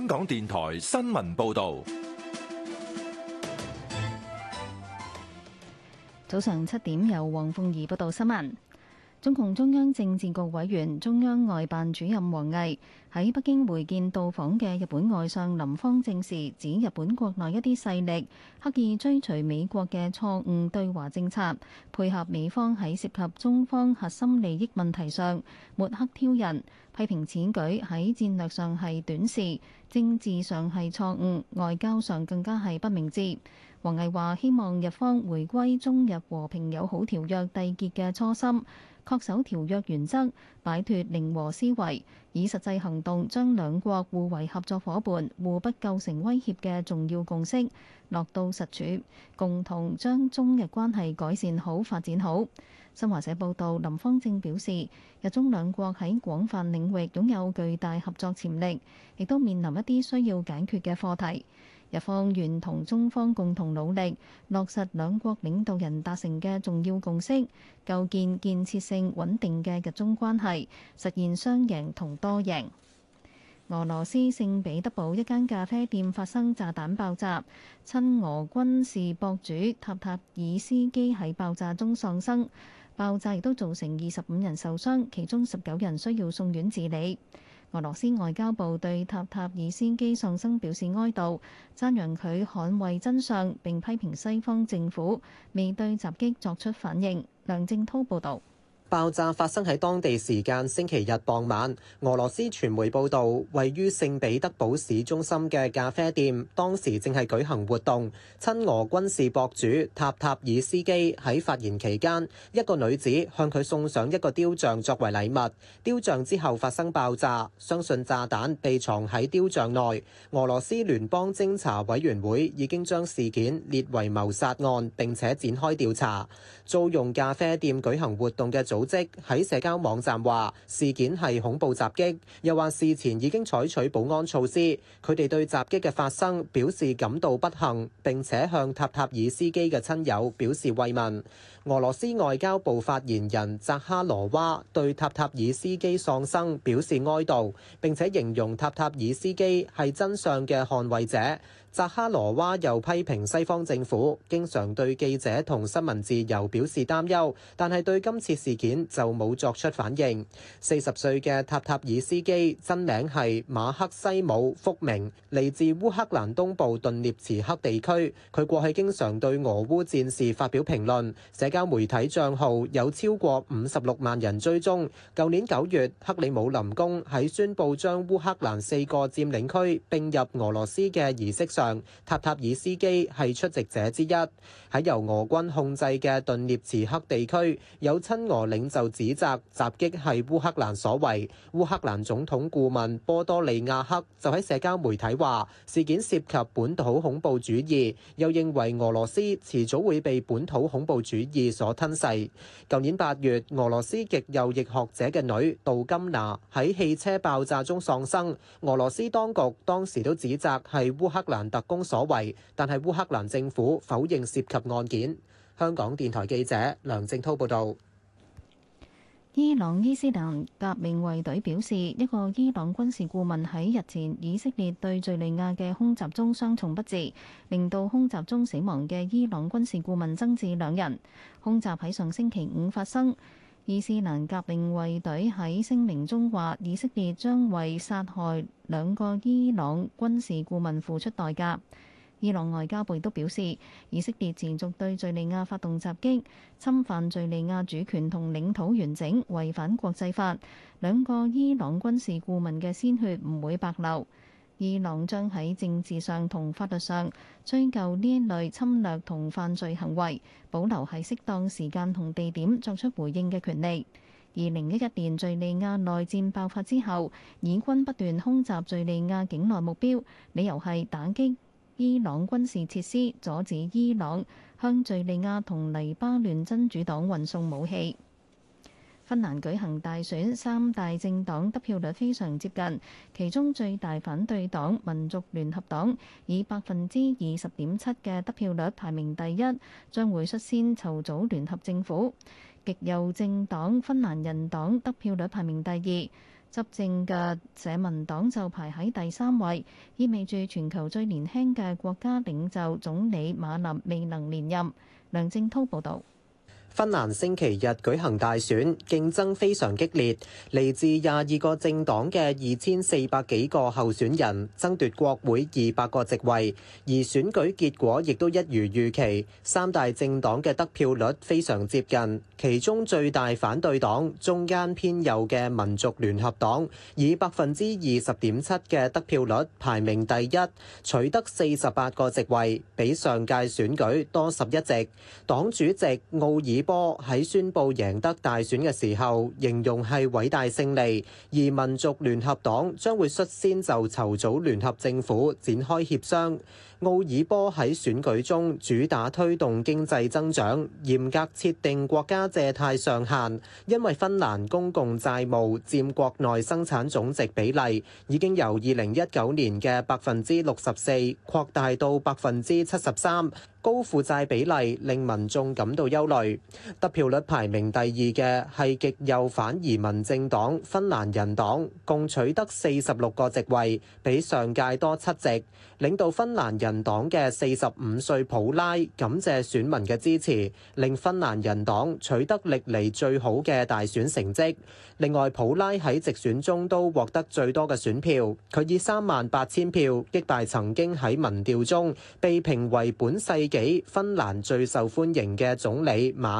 香港電台新聞報道，早上七點由黃鳳儀報道新聞。中共中央政治局委員、中央外辦主任王毅喺北京會見到訪嘅日本外相林芳正時，指日本國內一啲勢力刻意追隨美國嘅錯誤對華政策，配合美方喺涉及中方核心利益問題上抹黑挑釁，批評此舉喺戰略上係短視。政治上係錯誤，外交上更加係不明智。王毅話：希望日方回歸中日和平友好條約締結嘅初心，恪守條約原則，擺脫零和思維。以實際行動將兩國互為合作伙伴、互不構成威脅嘅重要共識落到實處，共同將中日關係改善好、發展好。新華社報道，林芳正表示，日中兩國喺廣泛領域擁有巨大合作潛力，亦都面臨一啲需要解決嘅課題。日方願同中方共同努力，落實兩國領導人達成嘅重要共識，構建建設性穩定嘅日中關係，實現雙贏同多贏。俄羅斯聖彼得堡一間咖啡店發生炸彈爆炸，親俄軍事博主塔塔爾斯基喺爆炸中喪生，爆炸亦都造成二十五人受傷，其中十九人需要送院治理。俄羅斯外交部對塔塔爾斯基喪生表示哀悼，讚揚佢捍衛真相，並批評西方政府未對襲擊作出反應。梁正滔報導。爆炸發生喺當地時間星期日傍晚。俄羅斯傳媒報導，位於聖彼得堡市中心嘅咖啡店當時正係舉行活動。親俄軍事博主塔塔爾斯基喺發言期間，一個女子向佢送上一個雕像作為禮物。雕像之後發生爆炸，相信炸彈被藏喺雕像內。俄羅斯聯邦偵查委員會已經將事件列為謀殺案，並且展開調查。租用咖啡店舉行活動嘅組組織喺社交網站話事件係恐怖襲擊，又話事前已經採取保安措施。佢哋對襲擊嘅發生表示感到不幸，並且向塔塔爾斯基嘅親友表示慰問。俄羅斯外交部發言人扎哈羅娃對塔塔爾斯基喪生表示哀悼，並且形容塔塔爾斯基係真相嘅捍衛者。扎哈羅娃又批評西方政府經常對記者同新聞自由表示擔憂，但係對今次事件就冇作出反應。四十歲嘅塔塔爾斯基真名係馬克西姆·福明，嚟自烏克蘭東部頓涅茨克地區，佢過去經常對俄烏戰事發表評論，社交媒體賬號有超過五十六萬人追蹤。舊年九月，克里姆林宮喺宣布將烏克蘭四個佔領區併入俄羅斯嘅儀式上。塔塔爾斯基係出席者之一，喺由俄軍控制嘅頓涅茨克地區，有親俄領袖指責襲擊係烏克蘭所為。烏克蘭總統顧問波多利亞克就喺社交媒體話，事件涉及本土恐怖主義，又認為俄羅斯遲早會被本土恐怖主義所吞噬。舊年八月，俄羅斯極右翼學者嘅女杜金娜喺汽車爆炸中喪生，俄羅斯當局當時都指責係烏克蘭，特工所為，但係烏克蘭政府否認涉及案件。香港電台記者梁正滔報導。伊朗伊斯蘭革命衛隊表示，一個伊朗軍事顧問喺日前以色列對敍利亞嘅空襲中傷重不治，令到空襲中死亡嘅伊朗軍事顧問增至兩人。空襲喺上星期五發生。伊斯蘭革命衛隊喺聲明中話：以色列將為殺害兩個伊朗軍事顧問付出代價。伊朗外交部都表示，以色列持續對敍利亞發動襲擊，侵犯敍利亞主權同領土完整，違反國際法。兩個伊朗軍事顧問嘅鮮血唔會白流。伊朗將喺政治上同法律上追究呢類侵略同犯罪行為，保留喺適當時間同地點作出回應嘅權利。二零一一年敍利亞內戰爆發之後，以軍不斷空襲敍利亞境內目標，理由係打擊伊朗軍事設施，阻止伊朗向敍利亞同黎巴嫩真主黨運送武器。芬蘭舉行大選，三大政黨得票率非常接近，其中最大反對黨民族聯合黨以百分之二十點七嘅得票率排名第一，將會率先籌組聯合政府。極右政黨芬蘭人黨得票率排名第二，執政嘅社民黨就排喺第三位，意味住全球最年輕嘅國家領袖總理馬林未能連任。梁正滔報導。芬蘭星期日舉行大選，競爭非常激烈，嚟自廿二個政黨嘅二千四百幾個候選人爭奪國會二百個席位。而選舉結果亦都一如預期，三大政黨嘅得票率非常接近。其中最大反對黨，中間偏右嘅民族聯合黨，以百分之二十點七嘅得票率排名第一，取得四十八個席位，比上屆選舉多十一席。黨主席奧爾波喺宣布贏得大選嘅時候，形容係偉大勝利，而民族聯合黨將會率先就籌組聯合政府展開協商。奧爾波喺選舉中主打推動經濟增長，嚴格設定國家借貸上限，因為芬蘭公共債務佔國內生產總值比例已經由二零一九年嘅百分之六十四擴大到百分之七十三，高負債比例令民眾感到憂慮。得票率排名第二嘅係極右反移民政黨芬蘭人黨，共取得四十六個席位，比上屆多七席。領導芬蘭人黨嘅四十五歲普拉感謝選民嘅支持，令芬蘭人黨取得歷嚟最好嘅大選成績。另外，普拉喺直選中都獲得最多嘅選票，佢以三萬八千票擊敗曾經喺民調中被評為本世紀芬蘭最受歡迎嘅總理馬，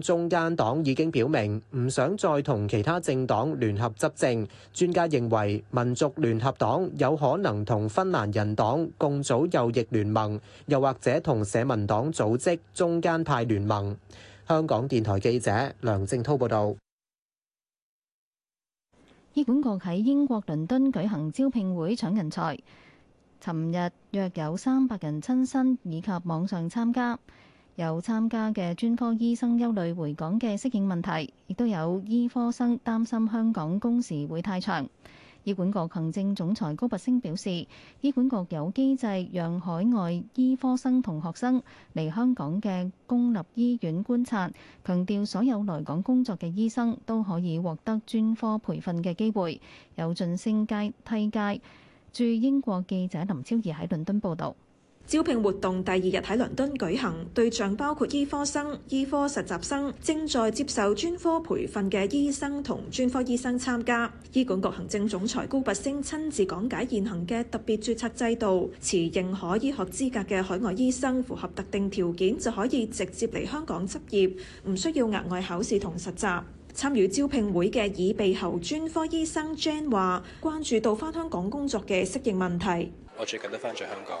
中間黨已經表明唔想再同其他政黨聯合執政，專家認為民族聯合黨有可能同芬蘭人黨共組右翼聯盟，又或者同社民黨組織中間派聯盟。香港電台記者梁正滔報導。醫管局喺英國倫敦舉行招聘會搶人才，尋日約有三百人親身以及網上參加。有參加嘅專科醫生憂慮回港嘅適應問題，亦都有醫科生擔心香港工時會太長。醫管局行政總裁高拔昇表示，醫管局有機制讓海外醫科生同學生嚟香港嘅公立醫院觀察，強調所有來港工作嘅醫生都可以獲得專科培訓嘅機會，有晉升階梯階。駐英國記者林超儀喺倫敦報道。招聘活動第二日喺倫敦舉行，對象包括醫科生、醫科實習生，正在接受專科培訓嘅醫生同專科醫生參加。醫管局行政總裁高拔陞親自講解現行嘅特別註冊制度，持認可醫學資格嘅海外醫生符合特定條件就可以直接嚟香港執業，唔需要額外考試同實習。參與招聘會嘅耳鼻喉專科醫生 Jan 話：關注到返香港工作嘅適應問題。我最近都返咗香港。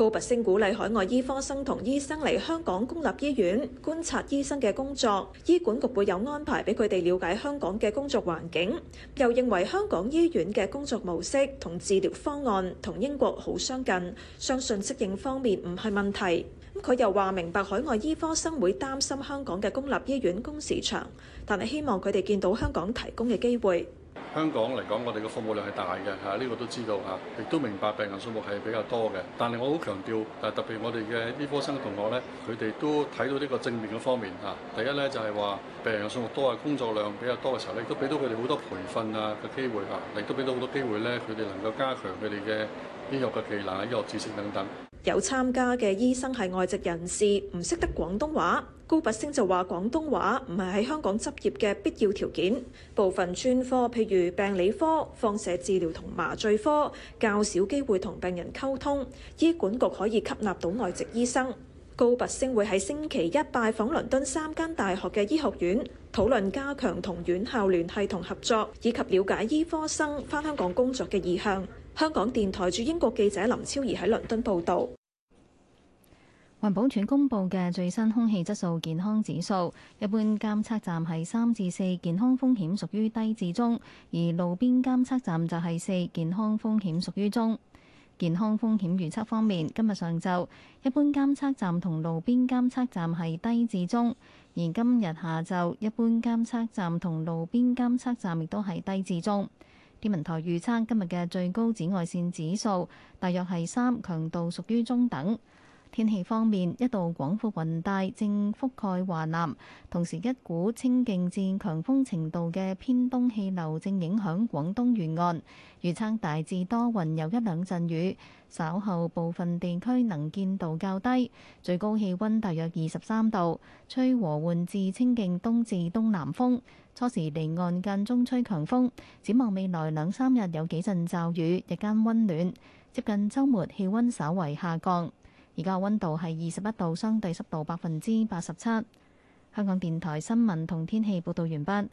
高拔星鼓勵海外醫科生同醫生嚟香港公立醫院觀察醫生嘅工作，醫管局會有安排俾佢哋了解香港嘅工作環境。又認為香港醫院嘅工作模式同治療方案同英國好相近，相信適應方面唔係問題。佢又話明白海外醫科生會擔心香港嘅公立醫院工時長，但係希望佢哋見到香港提供嘅機會。香港嚟講，我哋嘅服務量係大嘅，嚇，呢個都知道嚇，亦都明白病人數目係比較多嘅。但係我好強調，但係特別我哋嘅醫科生同學咧，佢哋都睇到呢個正面嘅方面嚇。第一咧就係話病人數目多啊，工作量比較多嘅時候咧，亦都俾到佢哋好多培訓啊嘅機會嚇，亦都俾到好多機會咧，佢哋能夠加強佢哋嘅醫學嘅技能、醫學知識等等。有參加嘅醫生係外籍人士，唔識得廣東話。高拔升就話：廣東話唔係喺香港執業嘅必要條件。部分專科，譬如病理科、放射治療同麻醉科，較少機會同病人溝通。醫管局可以吸納到外籍醫生。高拔升會喺星期一拜訪倫敦三間大學嘅醫學院，討論加強同院校聯繫同合作，以及了解醫科生返香港工作嘅意向。香港電台駐英國記者林超儀喺倫敦報道。環保署公布嘅最新空氣質素健康指數，一般監測站係三至四，健康風險屬於低至中；而路邊監測站就係四，健康風險屬於中。健康風險預測方面，今日上晝一般監測站同路邊監測站係低至中，而今日下晝一般監測站同路邊監測站亦都係低至中。天文台預測今日嘅最高紫外線指數大約係三，強度屬於中等。天氣方面，一道廣闊雲帶正覆蓋華南，同時一股清勁至強風程度嘅偏東氣流正影響廣東沿岸，預測大致多雲，有一兩陣雨，稍後部分地區能見度較低，最高氣温大約二十三度，吹和緩至清勁東至東南風，初時離岸間中吹強風。展望未來兩三日有幾陣驟雨，日間温暖，接近週末氣温稍為下降。而家嘅溫度係二十一度，相對濕度百分之八十七。香港電台新聞同天氣報道完畢。